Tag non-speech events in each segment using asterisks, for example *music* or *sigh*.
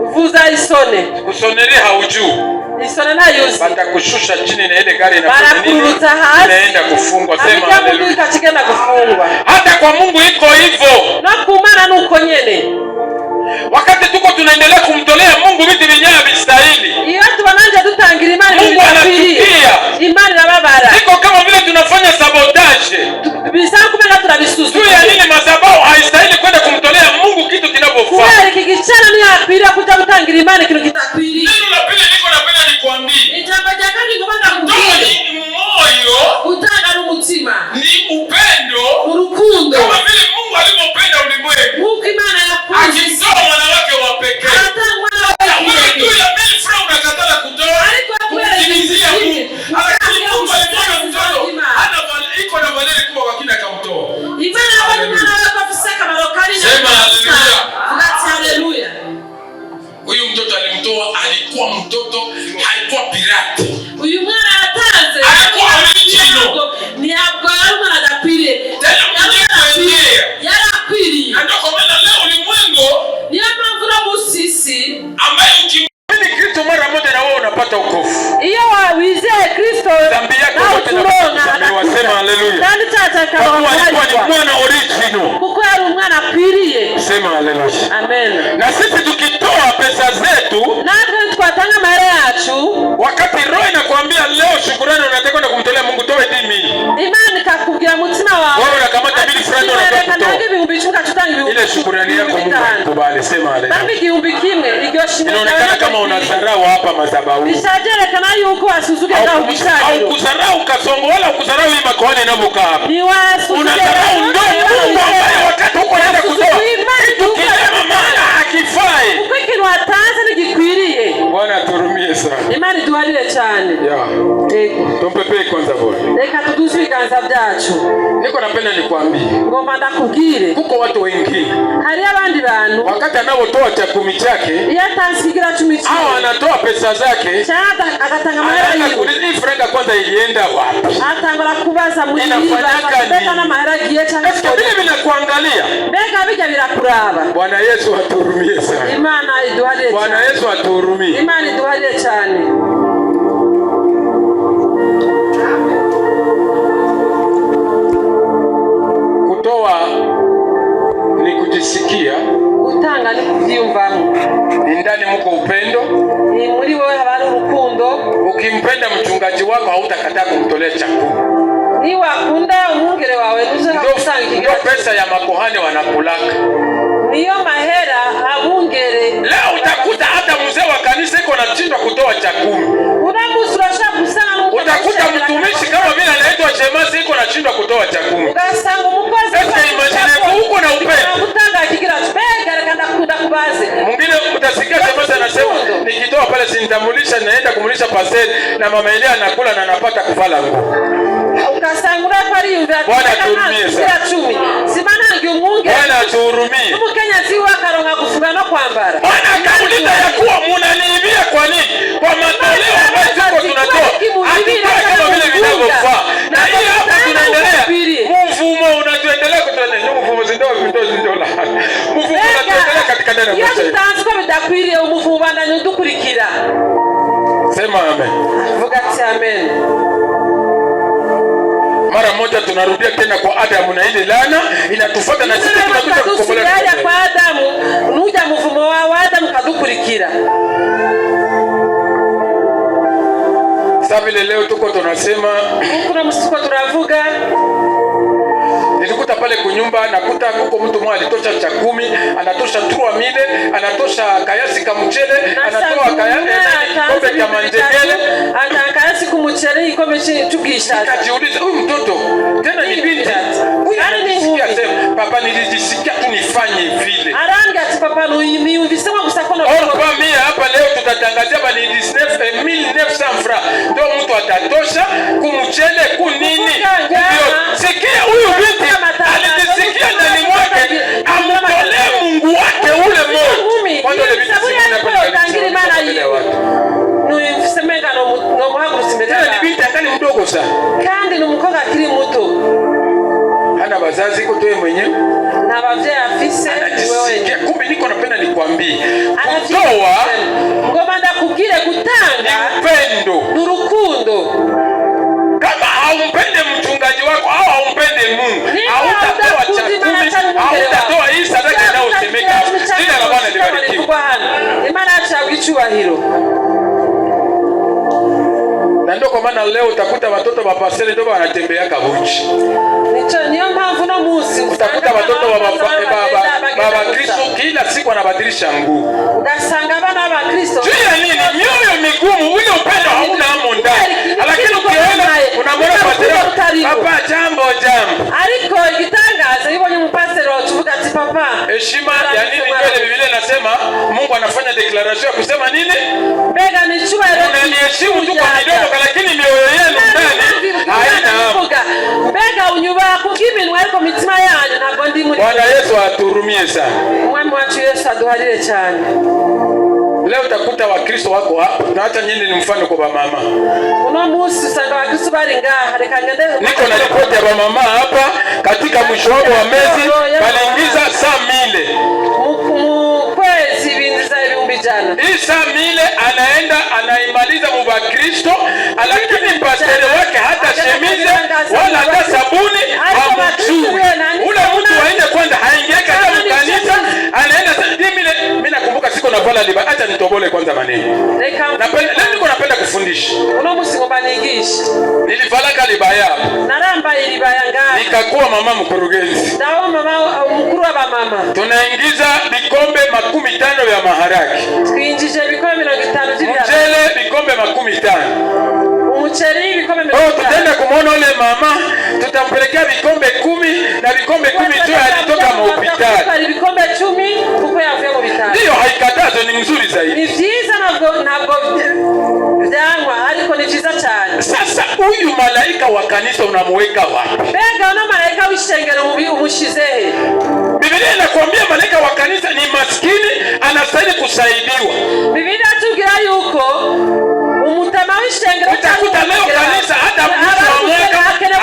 uvuza isone gusonereha ujuu isone nayozi batakushusha chini na ile gari banakururutsa hasi inaenda kufungwa. Sema haleluya, ikachigenda kufungwa. Hata kwa Mungu iko hivyo na kumana nuko nyene, wakati tuko tunaendelea kumtolea Mungu vitu vinyaa vistahili, iyo tubananja tutangira imani, Mungu anatukia imani na babara, iko kama vile tunafanya sabotage bisa kumena tunabisusu juu ya nini? Madhabahu haistahili kwenda kweli kikichana ni apili akuta mtangilimani kilo kitapili. Neno la pili niko napenda nikwambie. Itambaja kandi ngomba kumbie. Moyo utanga n'umutima. Ni upendo. Urukundo. Kama vile Mungu alivyopenda ulimwengu. Mungu imana yakuzi. Akisoma kama alikuwa umwana akwiriye. Sema Na sisi Nakwambia leo shukrani unataka kwenda kumtolea Mungu toa dimi. Imani kakugira mutima wa Wewe unakamata bili fulani unataka kutoa. Ile shukrani yako Mungu akubali sema haleluya. Bambi kiumbi kimwe ikiwa shimo, Inaonekana kama unadharau hapa madhabahu. Ishajele kama yuko asuzuke na ubishani. Au kudharau kasongo wala kudharau hii makoani inapokaa hapa. Ni wasuzuke. Unadharau ndio Mungu ambaye wakati huko anaenda kutoa. Kitu kinema maana kifaye uko watanze ntigikwiriye bwana turumie sana imana iduharire cyane yego kwanza bwana reka tuduze ibiganza byacu niko napenda nikwambie ngomba ndakubwire kuko watu wengine hari abandi bantu wakati anapotoa cha kumi chake iyo atasigira chumi chake au anatoa pesa zake chada agatanga mahera yiwe hii franga kwanza ilienda wapi atangora kubaza muri inafanyaka ni na mahera giye cyangwa vile vinakuangalia mbega bijya birakuraba bwana yesu aturumie atuhurumie sana. Imana iduharie chani. Bwana Yesu atuhurumie. Imana iduharie chani. Kutoa ni kujisikia, Kutanga ni kuvyumvamo. Ndani mko upendo, ni muri wewe habari urukundo. Ukimpenda mchungaji wako hautakataa kumtolea chakula. Niwakunda umwungere wawe, ndio pesa ya makuhani wanakulaka iyo mahera abungere leo utakuta hata mzee wa kanisa iko na anashindwa kutoa cha kumi utakuta mtumishi kama vile anaitwa shemasi iko na anashindwa kutoa cha kumi uko na upendo mwingine utasikia shemasi anasema nikitoa pale sinitamulisha naenda kumulisha paseri na mama ile anakula na anapata kuvala nguo bwana turumie sana byumwunge bwana atuhurumie umukenyezi we akaronka gufunga no kwambara bwana akauliza ya kuwa munaniibia kwa nini kwa matoleo ambayo tuko tunatoa hatutoe kama vile vinavyofaa na hiyo hapa tunaendelea mfumo unatuendelea kutuendelea mfumo zindoa vitoa zindoa mfumo unatuendelea katika ndani ya iyo tutanzi ko bidakwiriye umuvumu ubandanya udukurikira sema amen vuga ati amen mara moja tunarudia tena kwa Adamu na ile lana inatufuata na sisi tunakuja kukombolewa kwa Adamu nuja mvumo wa Adamu kadukurikira sabile leo tuko tunasema kuna msiko turavuga nakuta pale kunyumba, nakuta huko mtu mmoja alitosha cha kumi, anatosha trua mide, anatosha kayasi ka mchele, anatoa kayasi ya manjegele, ana kayasi kumchele ikombe chini tukisha. Nikajiuliza huyu mtoto tena ni binti. Huyu ananisikia sema papa, nilijisikia tu nifanye vile. Aranga papa, no yimi uvisema kusakona. Hapa mimi hapa leo tutatangazia bali 19 watatosha kumchele kunini. Sikia, huyu binti alijisikia ndani mwake amtolee Mungu wake ule moja. Ni binti akali mdogo sana, kandi ni mkoga akili muto, hana bazazi kutoe mwenye na bavyeyi afise kukuja. Kumbe niko napenda nikwambie, kutoa ngomanda kukile kutanga upendo n'urukundo. Kama haumpende mchungaji wako au haumpende Mungu, hautatoa chakula, hautatoa hii sadaka inayosemeka. Jina la Bwana libarikiwe. acha yacabwa hilo na ndio kwa maana leo utakuta watoto wa pasere ndio wanatembea kabunji. Utakuta watoto wa baba Kristo kila siku anabadilisha nguo. Ugasanga bana ba Kristo. Jua nini? Mioyo migumu, ule upendo hauna hamo ndani. Lakini ukiona unamwona pasere, papa jambo jambo. Aliko igitangaza yibonye mupasere wacuvuga ati papa. Heshima ya nini ndio Biblia inasema Mungu anafanya declaration ya kusema nini? Mbega ni chuma ya roho. Unaniheshimu tu kwa kidogo Bwana Yesu atuhurumie sana. Umwami wacu Yesu aduharire cyane. Leo utakuta Wakristo wako hapo na hata nyinyi ni mfano kwa bamama. Uno musi usanga Wakristo bari ngaha reka ngende. Niko na ripoti ya bamama hapa katika mwisho wao wa mezi baliingiza saa mile sana. Isa mile anaenda anaimaliza mubakristo, lakini pasteri wake hata shemize wala hata sabuni hamjui. Ule mtu waende kwanza, haingieka hata mkanisa, anaenda mile. Mimi nakumbuka siko na navala liba, acha nitobole kwanza maneno. Napenda leo, niko napenda kufundisha, nilivala Naramba kalibaya nikakuwa mama mkurugenzi, Ndao mama mama. mkuru wa tunaingiza bikombe makumi tano ya maharaki, twinjije ibikombe mirongo itanu by'ibyaro, mchele vikombe makumi tano, umuceri vikombe oh, mirongo itanu. tutenda kumwona ule mama, tutampelekea vikombe kumi na vikombe kumi tu alitoka hospitali, vikombe cumi kuko yavuye mu bitaro. Ndiyo, haikatazo ni mzuri zaidi, ni vyiza, ntabwo ntabwo vyangwa, ariko ni vyiza cyane. Sasa uyu malaika wa kanisa unamuweka wapi? Mbega uno malaika w'ishengero umushize he? Biblia inakwambia malaika wa kanisa ni maskini kusaidiwa. Bibiliya itubwira yuko umutama shengero utakuta leo kanisa hata mtu wa mwaka hakuna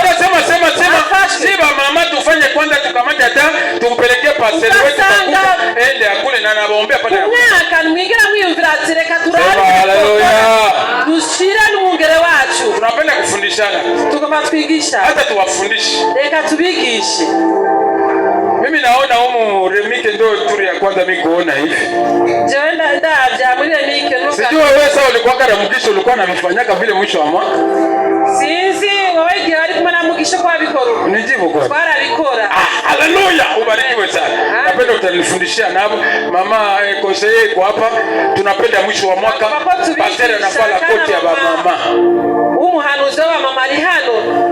ndio sema sema sema siba mama tufanye kwanza tukamata hata tukupelekee pastor wetu tukakuta ende akule na nabaombea pale mwaka mwingira mwiyumvira ati reka turare haleluya dushire n'umwungere wacu tunapenda kufundishana tukaba twigisha hata tuwafundishe reka tubigishe mimi naona humu remike ndio turi ya kwanza mimi kuona hivi. Jewe na da jamuri remike nuka. Sijui wewe sasa ulikuwa kana mkisho ulikuwa unamfanyaka vile mwisho wa mwaka. Sinzi wewe gihe ari kumana mkisho kwa bikoro. Nijibu kwa. Bara bikora. Ah, haleluya ubarikiwe sana. Ah. Napenda utanifundishia nabo mama eh, conseiller kwa hapa tunapenda mwisho wa mwaka. Pasera na fala koti ya mama. Umuhanuzi wa mama Lihano.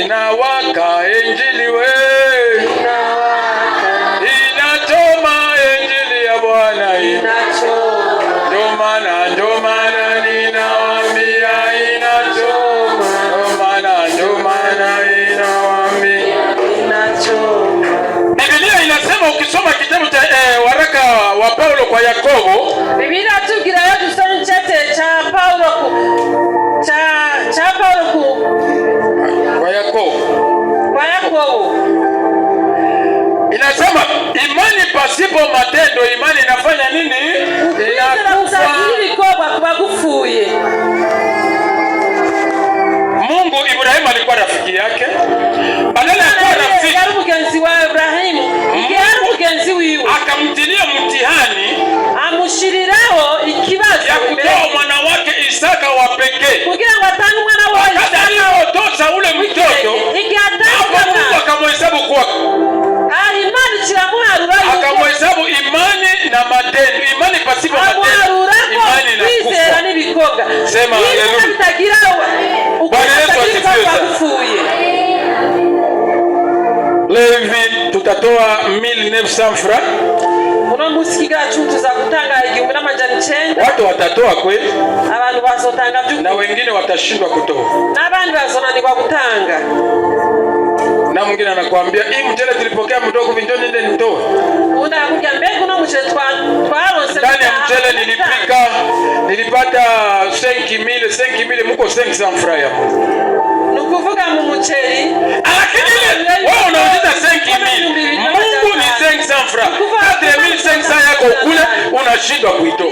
kwa Yakobo, Biblia iratubwirayo dusoma chete cha Paulo ku, cha, cha Paulo ku kwa Yakobo kwa Yakobo inasema imani pasipo matendo, imani inafanya nini? Inakufa. kwa kufuye Mungu Ibrahimu alikuwa rafiki yake, badala ya kuwa rafiki ibrahimu akamtilia mtihani bamushiriraho ikibazo ya kutoa mwanawake Isaka wa pekee kugira ngo atange umwana wa Isaka. Aliyotoza ule mtoto hapo, Mungu akamhesabu kuwa ah, imani, kiramuharura akamhesabu imani na matendo, imani pasipo ah, matendo, imani na kwizera n'ibikorwa. Sema haleluya, bitagira Bwana Yesu asifiwe. Levi tutatoa 1900 francs watu watatoa kweli na wengine watashindwa kutoa, na mwingine anakuambia hii mchele tulipokea mdogo vinjo nende nitoe ndani ya mchele nilipika nilipata senki mile senki mile muko senki ya Mungu, nukuvuga mu mcheli, ah, lakini wewe unaongeza senki mnashindwa kuitoa.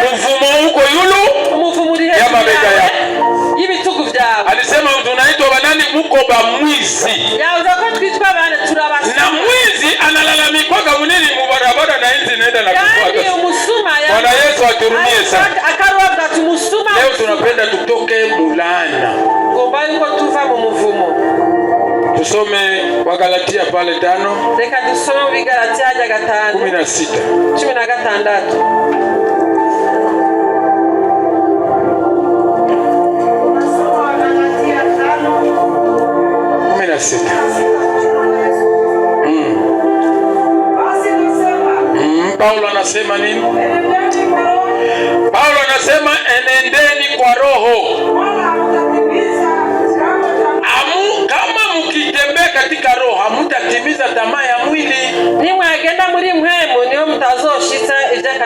Mvumo uko yulu ya mabega yako. Eh? Alisema tunaitwa banani, muko ba mwizi na mwizi analalamikwaga munini mubarabara na enzi naenda na yaani yaani Bwana Yesu aturumie sana. Leo tunapenda tutoke mulana Tusome Wagalatia pale tano reka dusome Bigalatia ya gatanu kumi na sita cumi na gatandatu kumi na sita hmm. Hmm. Paulo anasema nini? Paulo anasema enendeni kwa Roho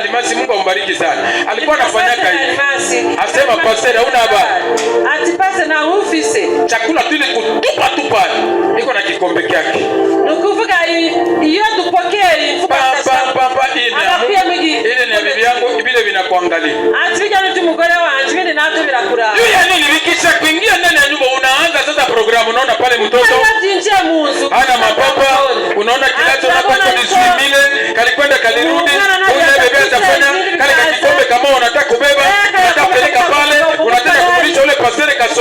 Alimasi, Mungu ambariki sana. Alikuwa anafanyaka hivi. Asema pastor, hauna habari. Antipase na ofisi. Chakula tuli kutupa tu pale. Niko na kikombe chake. Nukuvuga hiyo tupokee. sasa. Baba baba ina. Anapia mingi. Ile ni bibi yangu vile vinakuangalia. Atija mtu mgore wa atwende na watu bila kura. Yule ya nini vikisha kuingia ndani ya nyumba unaanza sasa programu unaona pale mtoto. Ana mapapa. Unaona kilacho na kwa Kalikwenda kalirudi.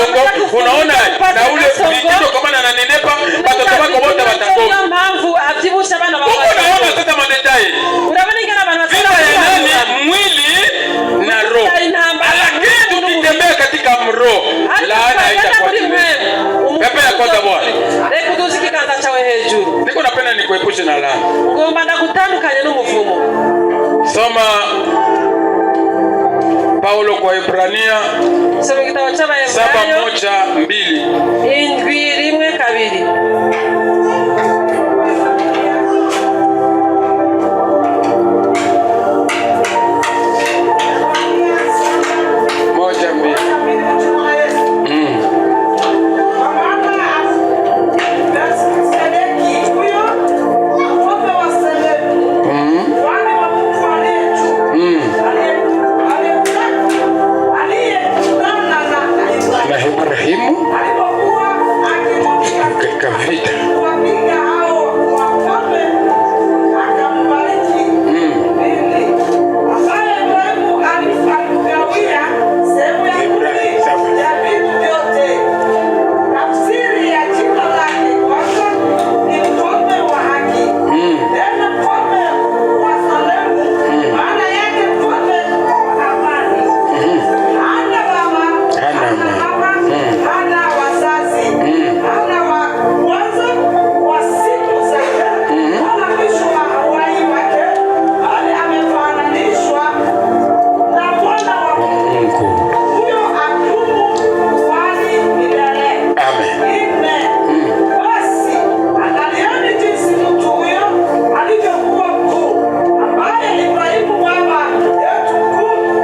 songo unaona na ule lititokomana na nenepa batoto bako bota batangoma uko naona sasa madetaye bana ya nani mwili na roho lakini tukitembea katika mro laana itakuwa pepe ya kwanza bwana niko napenda nikuepushe na laana soma Paulo kwa Ebrania saba moja mbili. *laughs* right